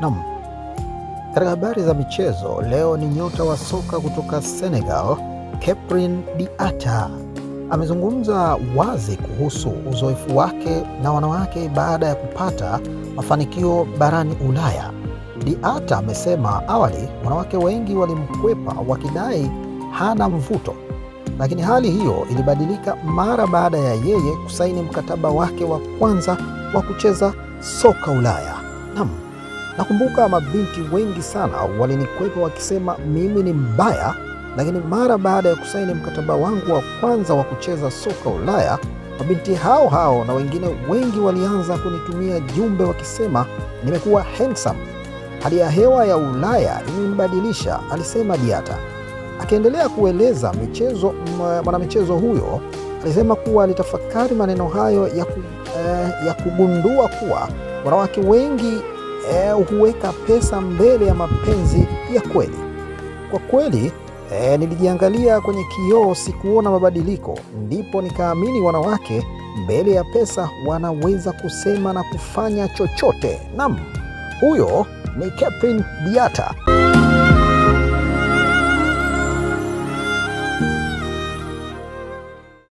Nam, katika habari za michezo leo ni nyota wa soka kutoka Senegal Khephren diata amezungumza wazi kuhusu uzoefu wake na wanawake baada ya kupata mafanikio barani Ulaya. diata amesema awali wanawake wengi walimkwepa wakidai hana mvuto, lakini hali hiyo ilibadilika mara baada ya yeye kusaini mkataba wake wa kwanza wa kucheza soka Ulaya. Naam. Nakumbuka mabinti wengi sana walinikwepa wakisema mimi ni mbaya, lakini mara baada ya kusaini mkataba wangu wa kwanza wa kucheza soka Ulaya, mabinti hao hao na wengine wengi walianza kunitumia jumbe wakisema nimekuwa handsome. Hali ya hewa ya Ulaya imenibadilisha, alisema Diata. Akiendelea kueleza michezo, mwanamichezo huyo alisema kuwa alitafakari maneno hayo ya, ku, eh, ya kugundua kuwa wanawake wengi eh, huweka pesa mbele ya mapenzi ya kweli. Kwa kweli eh, nilijiangalia kwenye kioo, sikuona mabadiliko, ndipo nikaamini wanawake mbele ya pesa wanaweza kusema na kufanya chochote. Nam, huyo ni Catherine Diata.